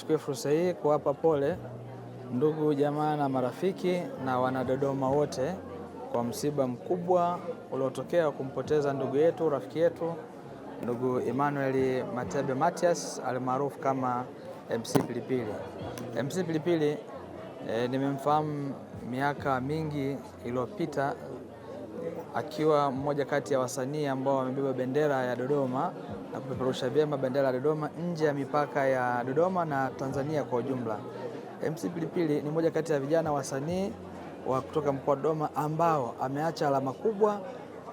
nichukue fursa hii kuwapa pole ndugu jamaa na marafiki na wanadodoma wote kwa msiba mkubwa uliotokea kumpoteza ndugu yetu, rafiki yetu, ndugu Emmanuel Matebe Matias almaarufu kama MC Pilipili. MC Pilipili e, nimemfahamu miaka mingi iliyopita akiwa mmoja kati ya wasanii ambao wamebeba bendera ya Dodoma na kupeperusha vyema bendera ya Dodoma nje ya mipaka ya Dodoma na Tanzania kwa ujumla. MC Pilipili ni mmoja kati ya vijana wasanii wa kutoka mkoa wa Dodoma ambao ameacha alama kubwa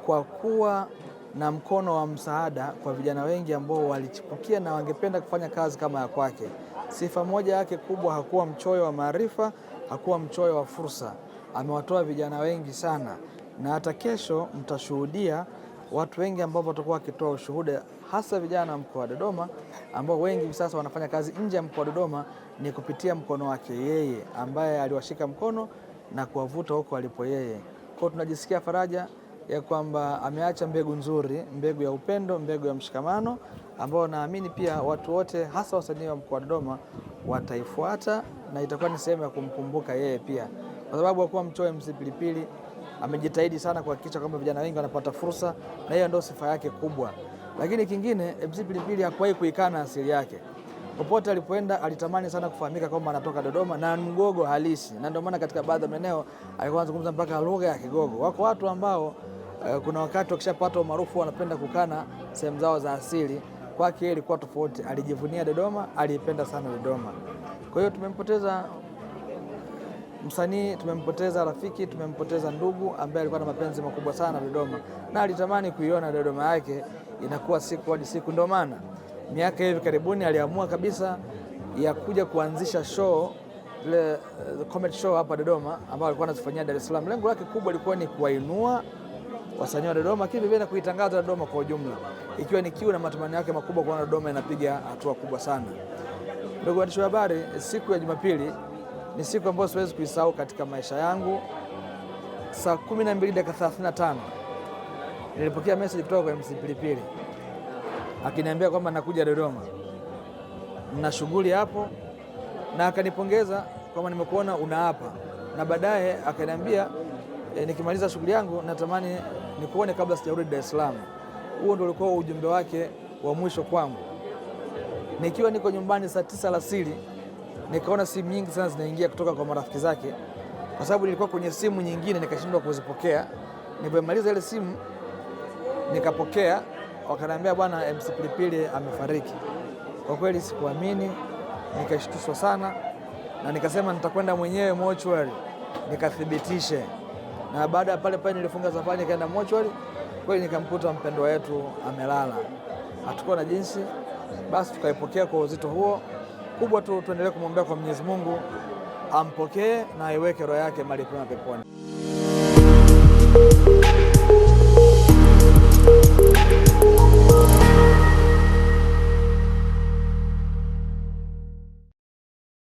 kwa kuwa na mkono wa msaada kwa vijana wengi ambao walichipukia na wangependa kufanya kazi kama ya kwake. Sifa moja yake kubwa, hakuwa mchoyo wa maarifa, hakuwa mchoyo wa fursa. Amewatoa vijana wengi sana na hata kesho mtashuhudia watu wengi ambao watakuwa wakitoa ushuhuda, hasa vijana wa mkoa wa Dodoma ambao wengi sasa wanafanya kazi nje ya mkoa wa Dodoma, ni kupitia mkono wake yeye ambaye aliwashika mkono na kuwavuta huko alipo yeye. Kwa tunajisikia faraja ya kwamba ameacha mbegu nzuri, mbegu ya upendo, mbegu ya mshikamano ambao naamini pia watu wote hasa wasanii wa mkoa wa Dodoma wataifuata na itakuwa ni sehemu ya kumkumbuka yeye pia, kwa sababu akuwa mchoe MC Pilipili amejitahidi sana kuhakikisha kwamba vijana wengi wanapata fursa, na hiyo ndio sifa yake kubwa. Lakini kingine, MC Pilipili hakuwahi kuikana asili yake. Popote alipoenda alitamani sana kufahamika kwamba anatoka Dodoma na Mgogo halisi, na ndio maana katika baadhi ya maeneo alikuwa anazungumza mpaka lugha ya Kigogo. Wako watu ambao uh, kuna wakati wakishapata umaarufu wanapenda kukana sehemu zao za asili. Kwake ilikuwa tofauti, alijivunia Dodoma, alipenda sana Dodoma. Kwa hiyo tumempoteza msanii tumempoteza rafiki, tumempoteza ndugu ambaye alikuwa na mapenzi makubwa sana Dodoma, na alitamani kuiona Dodoma yake inakuwa siku hadi siku. Ndio maana miaka hivi karibuni aliamua kabisa ya kuja kuanzisha show uh, comedy show hapa Dodoma, ambayo alikuwa anazifanyia Dar es Salaam. Lengo lake kubwa lilikuwa ni kuwainua wasanii wa Dodoma kivivile na kuitangaza Dodoma kwa ujumla, ikiwa ni kiu na matumaini yake makubwa kuona Dodoma inapiga hatua kubwa sana. Ndugu waandishi wa habari, siku ya Jumapili ni siku ambayo siwezi kuisahau katika maisha yangu. Saa 12 dakika 35 nilipokea message kutoka kwa MC Pilipili akiniambia kwamba nakuja Dodoma na shughuli hapo, na akanipongeza kwamba nimekuona una hapa na baadaye akaniambia e, nikimaliza shughuli yangu natamani nikuone kabla sijarudi Dar es Salaam. Huo ndio ulikuwa ujumbe wake wa mwisho kwangu, nikiwa niko nyumbani saa tisa alasiri nikaona simu nyingi sana zinaingia kutoka kwa marafiki zake, kwa sababu nilikuwa kwenye simu nyingine nikashindwa kuzipokea. Nilipomaliza ile simu nikapokea, wakaniambia bwana MC Pilipili amefariki. Kwa kweli sikuamini, nikashtushwa sana, na nikasema nitakwenda mwenyewe mochwari nikathibitishe. Na baada ya pale pale nilifunga safari nikaenda mochwari, kweli nikamkuta mpendwa wetu amelala, hatukuwa na jinsi, basi tukaipokea kwa uzito huo kubwa tu tuendelee kumwombea kwa Mwenyezi Mungu ampokee na aiweke roho yake mali pema peponi.